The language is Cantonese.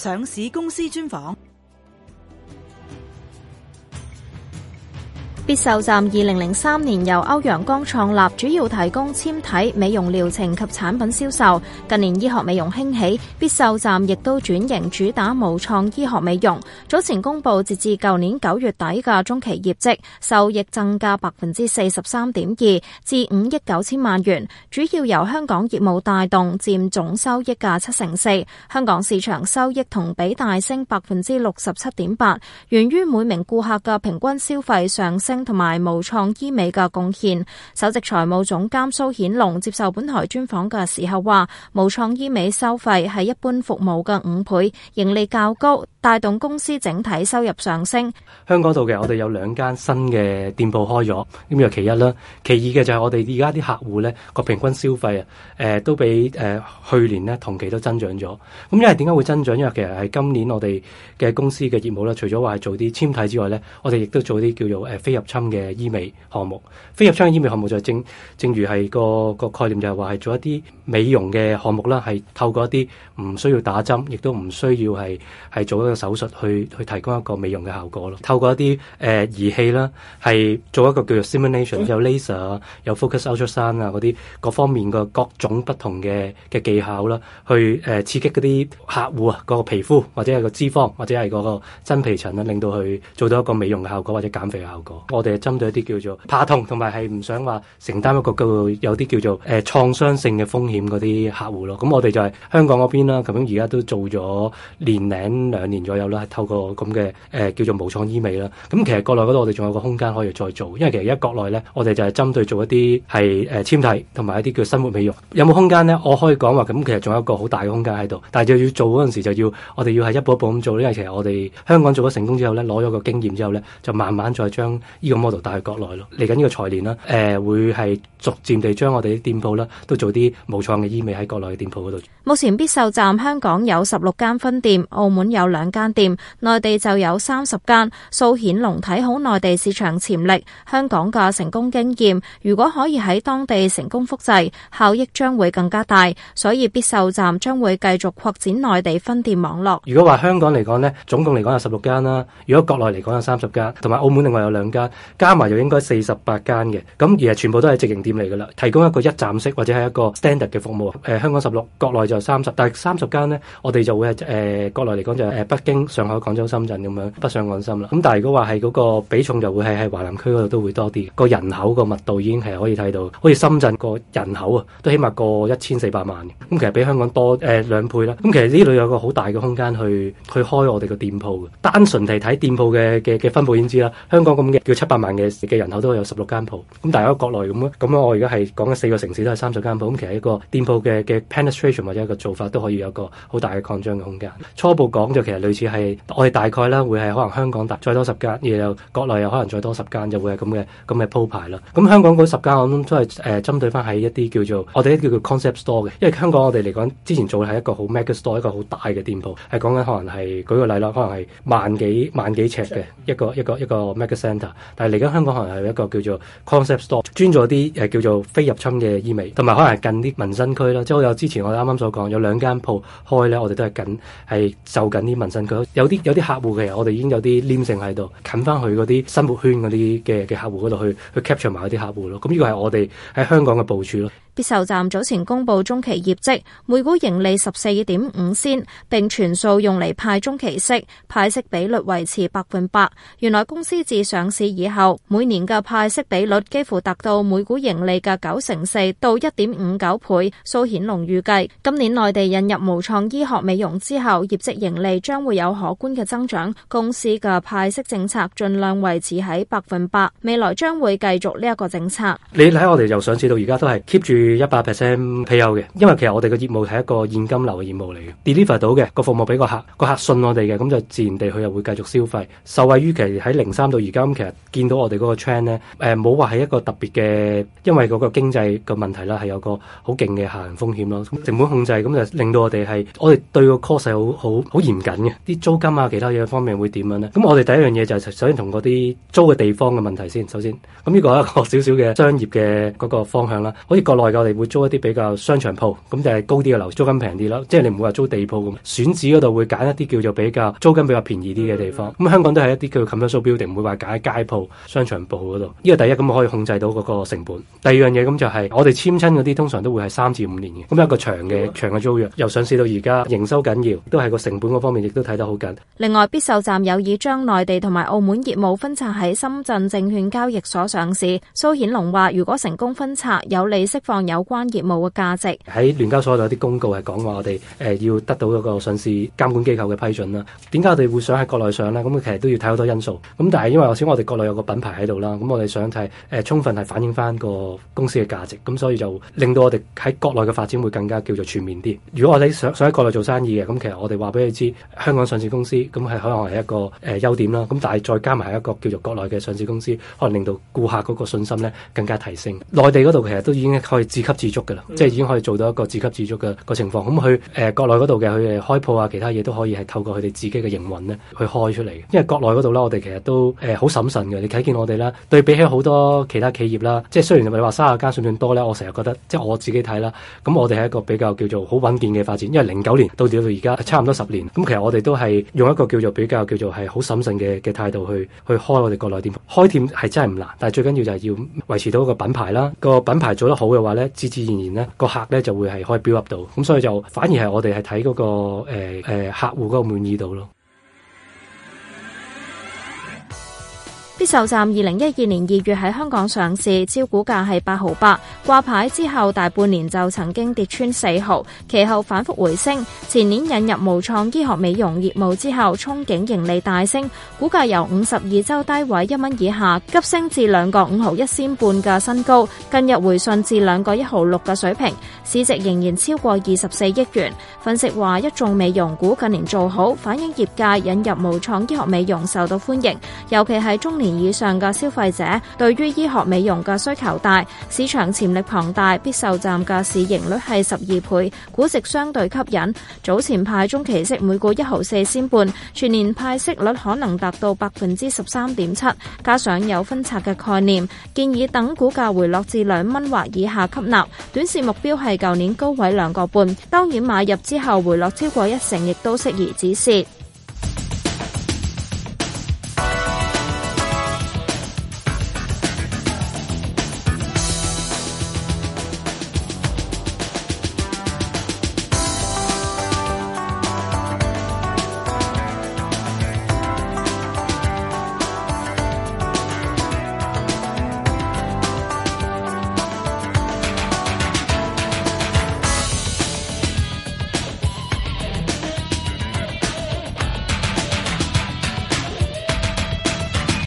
上市公司專訪。必瘦站二零零三年由歐陽江創立，主要提供纖體美容療程及產品銷售。近年醫學美容興起，必瘦站亦都轉型主打無創醫學美容。早前公布截至舊年九月底嘅中期業績，收益增加百分之四十三點二，至五億九千萬元，主要由香港業務帶動，佔總收益嘅七成四。香港市場收益同比大升百分之六十七點八，源於每名顧客嘅平均消費上升。同埋無創醫美嘅貢獻，首席財務總監蘇顯龍接受本台專訪嘅時候話：無創醫美收費係一般服務嘅五倍，盈利較高。帶動公司整體收入上升。香港度嘅我哋有兩間新嘅店鋪開咗，咁又其一啦。其二嘅就係我哋而家啲客戶咧個平均消費啊，誒、呃、都比誒、呃、去年咧同期都增長咗。咁因為點解會增長？因為其實係今年我哋嘅公司嘅業務咧，除咗話做啲纖體之外咧，我哋亦都做啲叫做誒非入侵嘅醫美項目。非入侵嘅醫美項目就係正正如係個個概念就係話係做一啲美容嘅項目啦，係透過一啲唔需要打針，亦都唔需要係係做一。手術去去提供一個美容嘅效果咯，透過一啲誒、呃、儀器啦，係做一個叫做 simulation，有 laser 啊，有 focus ultrasound 啊嗰啲各方面嘅各種不同嘅嘅技巧啦，去、呃、刺激嗰啲客戶啊、個皮膚或者係個脂肪或者係嗰個真皮層，令到佢做到一個美容嘅效果或者減肥嘅效果。我哋係針對一啲叫做怕痛同埋係唔想話承擔一個叫有啲叫做誒、呃、創傷性嘅風險嗰啲客戶咯。咁我哋就係、是、香港嗰邊啦，咁樣而家都做咗年零兩年。咗有啦，係透過咁嘅誒叫做無創醫美啦。咁其實國內嗰度我哋仲有一個空間可以再做，因為其實而家國內咧，我哋就係針對做一啲係誒纖體同埋一啲叫生活美容，有冇空間呢？我可以講話咁，其實仲有一個好大嘅空間喺度，但係就要做嗰陣時就要我哋要係一步一步咁做，因為其實我哋香港做咗成功之後咧，攞咗個經驗之後咧，就慢慢再將呢個 model 帶去國內咯。嚟緊呢個財年啦，誒、呃、會係逐漸地將我哋啲店鋪啦都做啲無創嘅醫美喺國內嘅店鋪嗰度。目前必瘦站香港有十六間分店，澳門有兩。間店，內地就有三十間。蘇顯龍睇好內地市場潛力，香港嘅成功經驗，如果可以喺當地成功複製，效益將會更加大。所以必瘦站將會繼續擴展內地分店網絡。如果話香港嚟講呢，總共嚟講有十六間啦，如果國內嚟講有三十間，同埋澳門另外有兩間，加埋就應該四十八間嘅。咁而係全部都係直營店嚟噶啦，提供一個一站式或者係一個 standard 嘅服務。誒、呃，香港十六，國內就三十，但係三十間呢，我哋就會係誒、呃、國內嚟講就係、是、誒、呃北京、上海、廣州、深圳咁樣北上廣深啦。咁但係如果話係嗰個比重就會係喺華南區嗰度都會多啲。個人口個密度已經係可以睇到，好似深圳個人口啊，都起碼過一千四百萬嘅。咁其實比香港多、呃、兩倍啦。咁其實呢度有個好大嘅空間去去開我哋嘅店鋪嘅。單純地睇店鋪嘅嘅嘅分佈已經知啦。香港咁嘅叫七百萬嘅嘅人口都有十六間鋪。咁但係喺國內咁樣咁我而家係講緊四個城市都係三十間鋪。咁其實一個店鋪嘅嘅 penetration 或者一個做法都可以有個好大嘅擴張嘅空間。初步講就其實類似係我哋大概啦，會係可能香港大再多十間，然有國內又可能再多十間，就會係咁嘅咁嘅鋪排啦。咁、嗯、香港嗰十間，我都係、呃、針對翻喺一啲叫做我哋咧叫做 concept store 嘅，因為香港我哋嚟講之前做係一個好 mega store，一個好大嘅店鋪，係講緊可能係舉個例啦，可能係萬幾萬幾尺嘅一個一個一個 mega centre。Center，但係嚟緊香港可能係一個叫做 concept store，專做啲、啊、叫做非入侵嘅醫味，同埋可能係近啲民生區啦。即係我有之前我啱啱所講有兩間鋪開咧，我哋都係緊係就緊啲民生。有啲有啲客戶，其實我哋已經有啲黏性喺度，近翻去嗰啲生活圈嗰啲嘅嘅客戶嗰度去去 capture 埋嗰啲客戶咯，咁呢個係我哋喺香港嘅部署咯。必瘦站早前公布中期業績，每股盈利十四點五仙，並全數用嚟派中期息，派息比率維持百分百。原來公司自上市以後，每年嘅派息比率幾乎達到每股盈利嘅九成四到一點五九倍。蘇顯龍預計今年內地引入無創醫學美容之後，業績盈利將會有可觀嘅增長。公司嘅派息政策盡量維持喺百分百，未來將會繼續呢一個政策。你睇我哋由上市到而家都係 keep 住。余一百 percent 持有嘅，因為其實我哋嘅業務係一個現金流嘅業務嚟嘅，deliver 到嘅個服務俾個客，個客信我哋嘅，咁就自然地佢又會繼續消費。受惠於其喺零三到而家咁，其實見到我哋嗰個 trend 咧、呃，誒冇話係一個特別嘅，因為嗰個經濟嘅問題啦，係有個好勁嘅下行風險咯。成本控制咁、嗯、就令到我哋係我哋對個 cost 係好好好嚴謹嘅，啲租金啊其他嘢方面會點樣咧？咁、嗯、我哋第一樣嘢就係首先同嗰啲租嘅地方嘅問題先，首先咁呢、嗯這個係一個少少嘅商業嘅嗰個方向啦，好似國內我哋會租一啲比較商場鋪，咁就係高啲嘅樓，租金平啲咯。即係你唔會話租地鋪咁，選址嗰度會揀一啲叫做比較租金比較便宜啲嘅地方。咁香港都係一啲叫做 commercial building，唔會話揀喺街鋪、商場鋪嗰度。呢個第一咁可以控制到嗰個成本。第二樣嘢咁就係、是、我哋簽親嗰啲通常都會係三至五年嘅，咁一個長嘅長嘅租約。由上市到而家營收緊要，都係個成本嗰方面亦都睇得好緊。另外，必瘦站有意將內地同埋澳門業務分拆喺深圳證券交易所上市。蘇顯龍話：如果成功分拆，有利釋放。有關業務嘅價值喺聯交所有啲公告係講話我哋誒要得到一個上市監管機構嘅批准啦。點解我哋會想喺國內上呢？咁其實都要睇好多因素。咁但係因為首先我哋國內有個品牌喺度啦，咁我哋想睇誒、呃、充分係反映翻個公司嘅價值，咁所以就令到我哋喺國內嘅發展會更加叫做全面啲。如果我哋想想喺國內做生意嘅，咁其實我哋話俾你知，香港上市公司咁係可能係一個誒、呃、優點啦。咁但係再加埋一個叫做國內嘅上市公司，可能令到顧客嗰個信心咧更加提升。內地嗰度其實都已經可以。自給自足嘅啦，嗯、即係已經可以做到一個自給自足嘅個情況。咁佢誒國內嗰度嘅佢開鋪啊，其他嘢都可以係透過佢哋自己嘅營運咧去開出嚟。因為國內嗰度咧，我哋其實都誒好、呃、審慎嘅。你睇見我哋啦，對比起好多其他企業啦，即係雖然你話三十間算唔算多咧，我成日覺得即係我自己睇啦，咁我哋係一個比較叫做好穩健嘅發展。因為零九年到到而家差唔多十年，咁其實我哋都係用一個叫做比較叫做係好審慎嘅嘅態度去去開我哋國內店。開店係真係唔難，但係最緊要就係要維持到一個品牌啦。個品牌做得好嘅話，自自然然咧，個客咧就會係可以 build up 到，咁所以就反而係我哋係睇嗰個誒、呃、客戶嗰個滿意度咯。必瘦站二零一二年二月喺香港上市，招股價係八毫八，掛牌之後大半年就曾經跌穿四毫，其後反覆回升。前年引入無創醫學美容業務之後，憧憬盈利大升，股價由五十二周低位一蚊以下急升至兩個五毫一仙半嘅新高，近日回順至兩個一毫六嘅水平，市值仍然超過二十四億元。分析話，一眾美容股近年做好，反映業界引入無創醫學美容受到歡迎，尤其係中年年以上嘅消費者對於醫學美容嘅需求大，市場潛力龐大，必瘦站嘅市盈率係十二倍，估值相對吸引。早前派中期息每股一毫四仙半，全年派息率可能達到百分之十三點七，加上有分拆嘅概念，建議等股價回落至兩蚊或以下吸納，短線目標係舊年高位兩個半。當然買入之後回落超過一成，亦都適宜止蝕。